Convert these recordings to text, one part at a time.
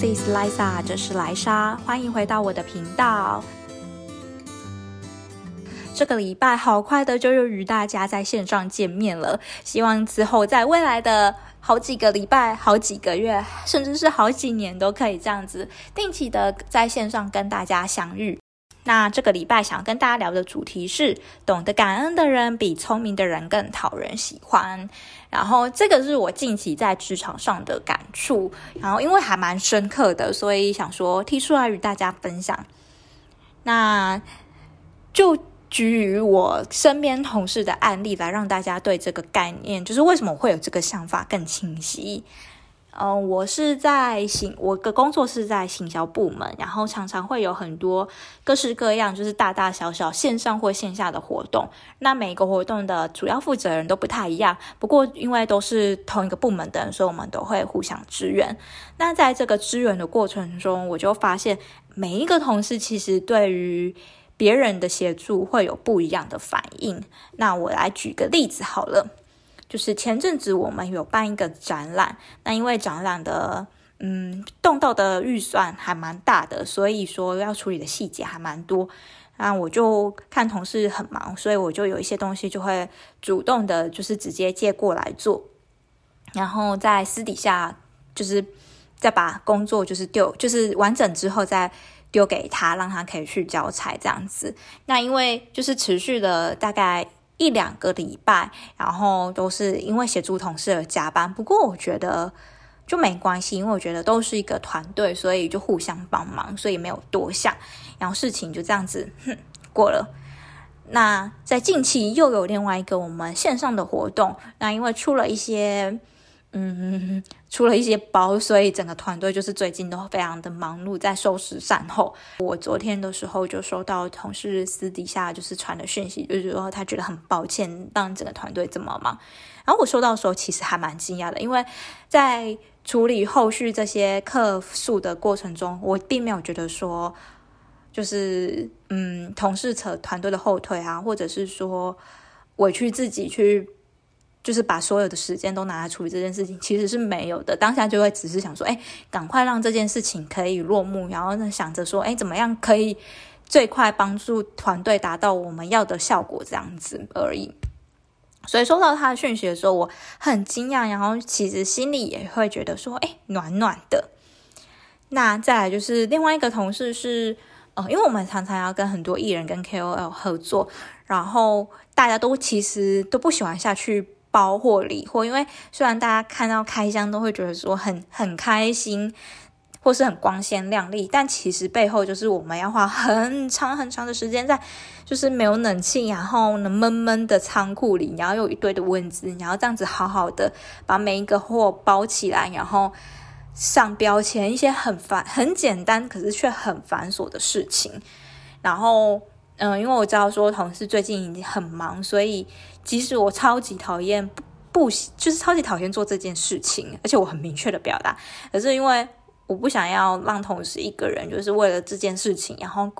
這是萊莎，這是萊莎，歡迎回到我的頻道。這個禮拜好快的就又與大家在線上見面了，希望之後在未來的好幾個禮拜、好幾個月，甚至是好幾年，都可以這樣子定期的在線上跟大家相遇。那這個禮拜想跟大家聊的主題是，懂得感恩的人比聰明的人更討人喜歡。然後這個是我近期在職場上的感觸，然後因為還蠻深刻的，所以想說提出來與大家分享。那就基於我身邊同事的案例來讓大家對這個概念，就是為什麼我會有這個想法更清晰。嗯，我是在行，我的工作是在行銷部門，然後常常會有很多各式各樣，就是大大小小線上或線下的活動。那每一個活動的主要負責人都不太一樣，不過因為都是同一個部門的人，所以我們都會互相支援。那在這個支援的過程中，我就發現每一個同事其實對於別人的協助會有不一樣的反應。那我來舉個例子好了。就是前陣子我們有辦一個展覽，那因為展覽的嗯動到的預算還蠻大的，所以說要處理的細節還蠻多。那我就看同事很忙，所以我就有一些東西就會主動的，就是直接借過來做，然後在私底下就是再把工作就是丟，就是完整之後再丟給他，讓他可以去交差這樣子。那因為就是持續了大概一兩個禮拜，然後都是因為協助同事而加班。不過我覺得就沒關係，因為我覺得都是一個團隊，所以就互相幫忙，所以沒有多想。然後事情就這樣子，哼，過了。那在近期又有另外一個我們線上的活動，那因為出了一些，嗯。出了一些包，所以整個團隊就是最近都非常的忙碌，在收拾善後。我昨天的時候就收到同事私底下就是傳的訊息，就是說他覺得很抱歉，讓整個團隊這麼忙。然後我收到的時候其實還蠻驚訝的，因為在處理後續這些客訴的過程中，我並沒有覺得說就是嗯同事扯團隊的後腿啊，或者是說委屈自己去。就是把所有的時間都拿來處理這件事情，其實是沒有的。當下就會只是想說，哎，趕快讓這件事情可以落幕，然後呢，想着說，哎，怎麼樣可以最快幫助團隊達到我們要的效果，這樣子而已。所以收到他的訊息的時候，我很驚訝，然後其實心裡也會覺得說，哎，暖暖的。那再來就是另外一個同事是，呃，因為我們常常要跟很多藝人跟 KOL 合作，然後大家都其實都不喜歡下去，包貨、理貨，因為雖然大家看到開箱都會覺得說很很開心，或是很光鮮亮麗，但其實背後就是我們要花很長很長的時間在，就是沒有冷氣，然後呢悶悶的倉庫裡，然後有一堆的蚊子，然後這樣子好好的把每一個貨包起來，然後上標籤，一些很繁、很簡單，可是卻很繁瑣的事情。然後，嗯，因為我知道說同事最近已經很忙，所以。其實我超級討厭不不，就是超級討厭做這件事情，而且我很明確的表達，可是因為我不想要讓同事一個人就是為了這件事情，然後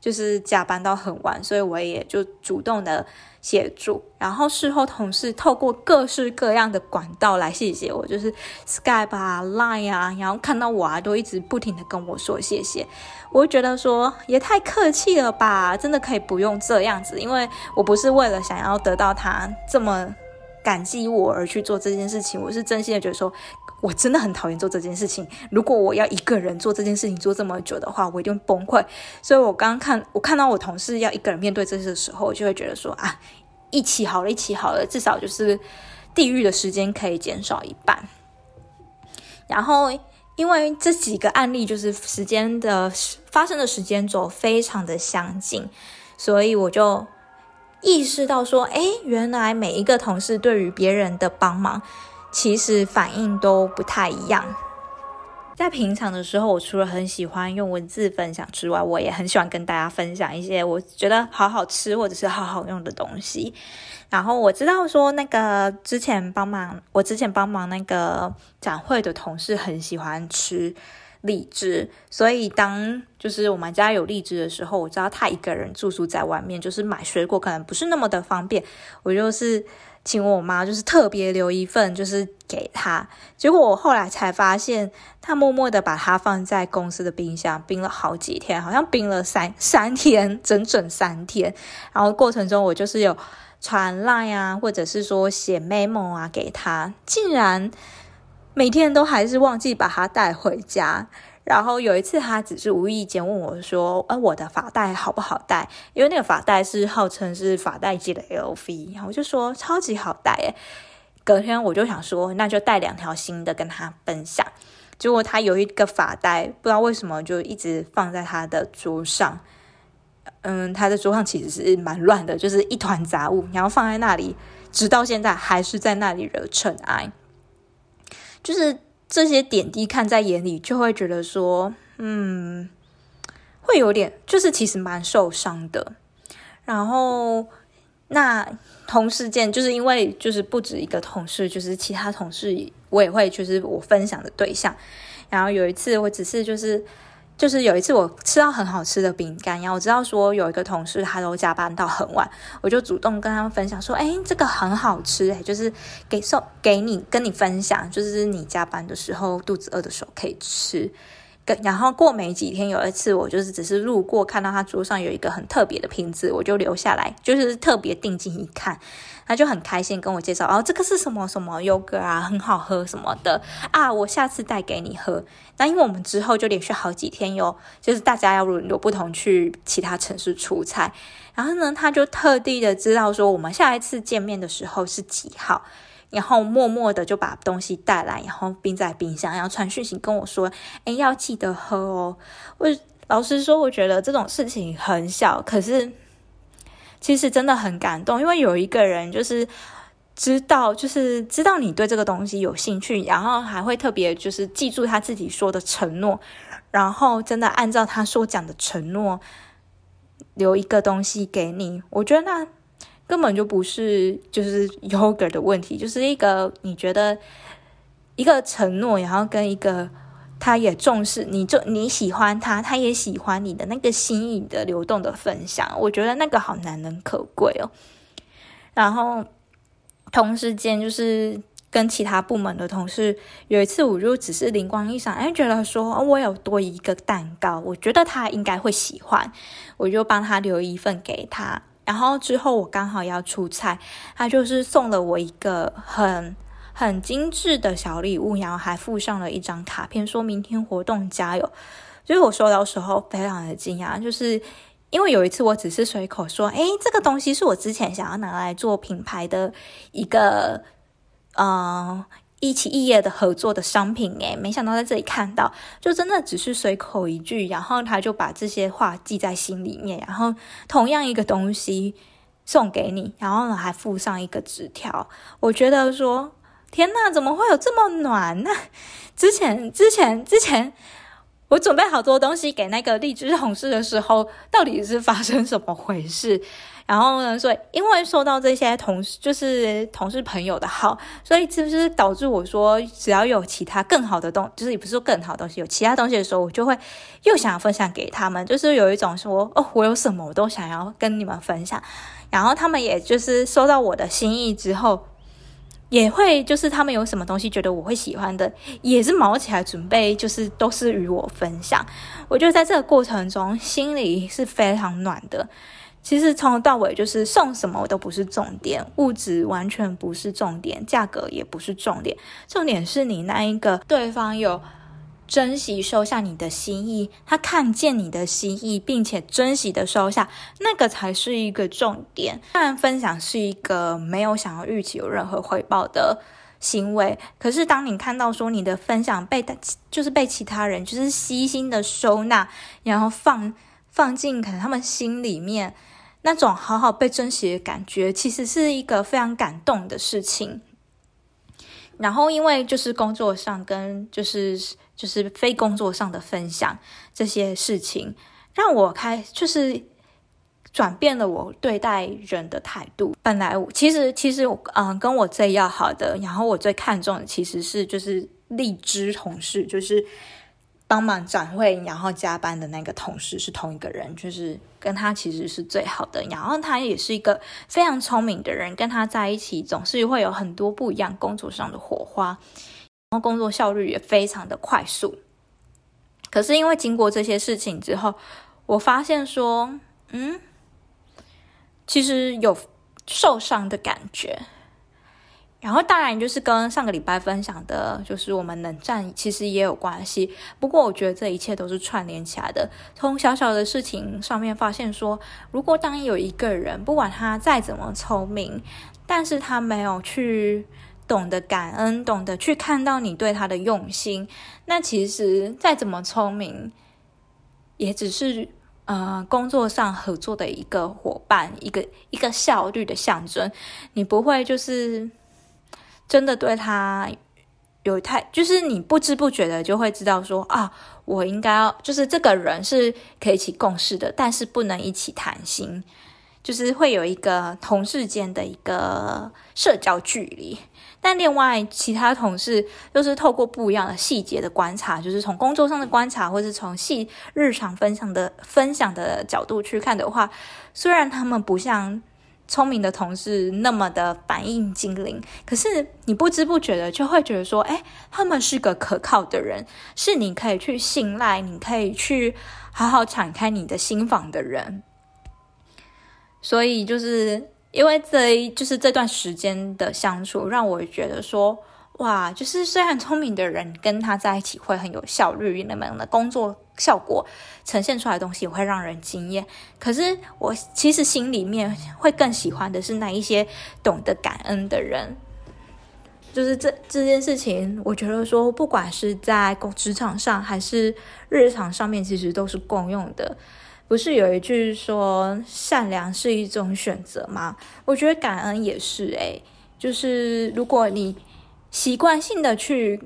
就是加班到很晚，所以我也就主動的。借助，然後事後同事透過各式各樣的管道來謝謝我，就是 Skype 啊、Line 啊，然後看到我啊，都一直不停的跟我說謝謝。我就覺得說也太客氣了吧，真的可以不用這樣子，因為我不是為了想要得到他這麼感激我而去做這件事情，我是真心的覺得說。我真的很討厭做這件事情。如果我要一個人做這件事情做這麼久的話，我一定會崩潰。所以我，我剛剛看我看到我同事要一個人面對這些的時候，我就會覺得說啊，一起好了，一起好了，至少就是地獄的時間可以減少一半。然後，因為這幾個案例就是時間的發生的時間軸非常的相近，所以我就意識到說，哎、欸，原來每一個同事對於別人的幫忙，其實反應都不太一樣。在平常的時候，我除了很喜歡用文字分享之外，我也很喜歡跟大家分享一些我覺得好好吃或者是好好用的東西。然後我知道說，那個之前幫忙我之前幫忙那個展會的同事很喜歡吃荔枝，所以當就是我們家有荔枝的時候，我知道他一個人住宿在外面，就是買水果可能不是那麼的方便，我就是。請我媽就是特別留一份，就是給他。結果我後來才發現，他默默的把它放在公司的冰箱，冰了好幾天，好像冰了三三天，整整三天。然後過程中我就是有傳 LINE 啊，或者是說寫 memo 啊給他，竟然每天都還是忘記把它帶回家。然後有一次，他只是無意間問我說：“呃，我的髮帶好不好戴？”因為那個髮帶是號稱是髮帶界的 LV，然後我就說超級好戴誒。隔天我就想說，那就帶兩條新的跟他分享。結果他有一個髮帶，不知道為什麼就一直放在他的桌上。嗯，他的桌上其實是蠻亂的，就是一團雜物，然後放在那裡，直到現在還是在那裡惹塵埃，就是。這些點滴看在眼裡，就會覺得說，嗯，會有點，就是其實蠻受傷的。然後，那同事間就是因為就是不止一個同事，就是其他同事，我也會就是我分享的對象。然後有一次，我只是就是。就是有一次我吃到很好吃的餅乾，然後我知道說有一個同事他都加班到很晚，我就主動跟他們分享說：“哎、欸，這個很好吃耶，就是給送給你，跟你分享，就是你加班的時候肚子餓的時候可以吃。”然後過沒幾天，有一次我就是只是路過，看到他桌上有一個很特別的瓶子，我就留下來，就是特別定睛一看，他就很開心跟我介紹，哦，這個是什麼什麼優格啊，很好喝什麼的啊，我下次帶給你喝。那因為我們之後就連續好幾天喲，就是大家要輪流不同去其他城市出差，然後呢，他就特地的知道說我們下一次見面的時候是幾號。然後默默的就把東西帶來，然後冰在冰箱，然後傳訊息跟我說：“哎，要記得喝哦。”我，我老實說，我覺得這種事情很小，可是其實真的很感動，因為有一個人就是知道，就是知道你對這個東西有興趣，然後還會特別就是記住他自己說的承諾，然後真的按照他所講的承諾留一個東西給你，我覺得那。根本就不是，就是優格的問題，就是一個你覺得一個承諾，然後跟一個他也重視，你就你喜歡他，他也喜歡你的那個心意的流動的分享，我覺得那個好難能可貴哦。然後同時間就是跟其他部門的同事，有一次我就只是靈光一閃，哎，覺得說，哦，我有多一個蛋糕，我覺得他應該會喜歡，我就幫他留一份給他。然後之後我剛好要出差，他就是送了我一個很很精緻的小禮物，然後還附上了一張卡片，說明天活動加油。就是我收到時候非常的驚訝，就是因為有一次我只是隨口說，哎，這個東西是我之前想要拿來做品牌的一個，嗯。一起異業的合作的商品哎、欸，沒想到在這裡看到，就真的只是隨口一句，然後他就把這些話記在心裡面，然後同樣一個東西送給你，然後呢，還附上一個紙條，我覺得說天哪，怎麼會有這麼暖呢、啊？之前之前之前。之前我準備好多東西給那個荔枝同事的時候，到底是發生什麼回事？然後呢，說因為收到這些同，就是同事朋友的好，所以是不是導致我說，只要有其他更好的東西，就是也不是說更好的東西，有其他東西的時候，我就會又想分享給他們，就是有一種說哦，我有什麼我都想要跟你們分享。然後他們也就是收到我的心意之後。也會就是他們有什麼東西覺得我會喜歡的，也是卯起來準備，就是都是與我分享。我覺得在這個過程中，心裡是非常暖的。其實從頭到尾，就是送什麼我都不是重點，物質完全不是重點，價格也不是重點，重點是你那一個對方有。珍惜收下你的心意，他看見你的心意，並且珍惜的收下，那個才是一個重點。當然，分享是一個沒有想要預期有任何回報的行為，可是當你看到說你的分享被，就是被其他人就是悉心的收納，然後放放進可能他們心裡面，那種好好被珍惜的感覺，其實是一個非常感動的事情。然後，因為就是工作上跟就是。就是非工作上的分享這些事情，讓我開就是轉變了我對待人的態度。本來我其實其實嗯，跟我最要好的，然後我最看重的其實是就是荔枝同事，就是幫忙展會然後加班的那個同事是同一個人，就是跟他其實是最好的。然後他也是一個非常聰明的人，跟他在一起總是會有很多不一樣工作上的火花。然後工作效率也非常的快速，可是因為經過這些事情之後，我發現說，嗯，其實有受傷的感覺。然後當然就是跟上個禮拜分享的，就是我們冷戰其實也有關係。不過我覺得這一切都是串聯起來的，從小小的事情上面發現說，如果當有一個人，不管他再怎麼聰明，但是他沒有去。懂得感恩，懂得去看到你對他的用心。那其實再怎麼聰明，也只是呃工作上合作的一個夥伴，一個一個效率的象徵。你不會就是真的對他有太，就是你不知不覺的就會知道說啊，我應該要就是這個人是可以一起共事的，但是不能一起談心。就是會有一個同事間的一個社交距離，但另外其他同事都是透過不一樣的細節的觀察，就是從工作上的觀察，或是從細日常分享的分享的角度去看的話，雖然他們不像聰明的同事那麼的反應精靈，可是你不知不覺的就會覺得說，哎，他們是個可靠的人，是你可以去信賴，你可以去好好敞開你的心房的人。所以就是因為這就是這段時間的相處，讓我覺得說，哇，就是雖然聰明的人跟他在一起會很有效率，那麼樣的工作效果呈現出來的東西也會讓人驚艷。可是我其實心裡面會更喜歡的是那一些懂得感恩的人。就是這這件事情，我覺得說，不管是在工職場上還是日常上面，其實都是共用的。不是有一句說，善良是一種選擇嗎？我覺得感恩也是、欸。誒，就是如果你習慣性的去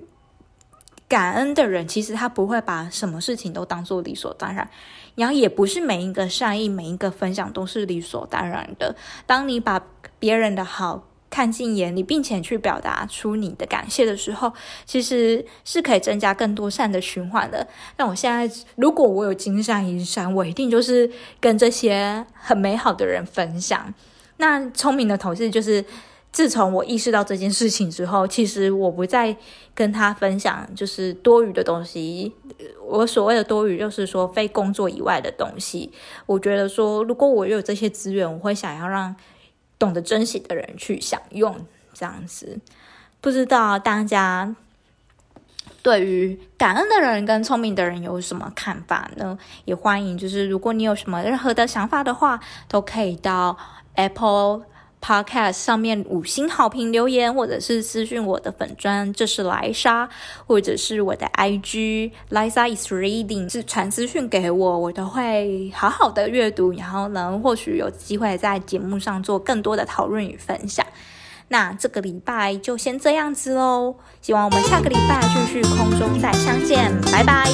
感恩的人，其實他不會把什麼事情都當做理所當然，然後也不是每一個善意、每一個分享都是理所當然的。當你把別人的好，看進眼裡，並且去表達出你的感謝的時候，其實是可以增加更多善的循環的。那我現在，如果我有金山銀山，我一定就是跟這些很美好的人分享。那聰明的同事就是，自從我意識到這件事情之後，其實我不再跟他分享就是多餘的東西。我所謂的多餘，就是說非工作以外的東西。我覺得說，如果我有這些資源，我會想要讓，懂得珍惜的人去享用，這樣子。不知道大家對於感恩的人跟聰明的人有什麼看法呢？也歡迎，就是如果你有什麼任何的想法的話，都可以到 Apple。Podcast 上面五星好評留言，或者是私信我的粉專，這是萊莎，或者是我的 IG Liza is reading，是傳資訊給我，我都會好好的閱讀，然後呢，或許有機會在節目上做更多的討論與分享。那這個禮拜就先這樣子嘍，希望我們下個禮拜繼續空中再相見，拜拜。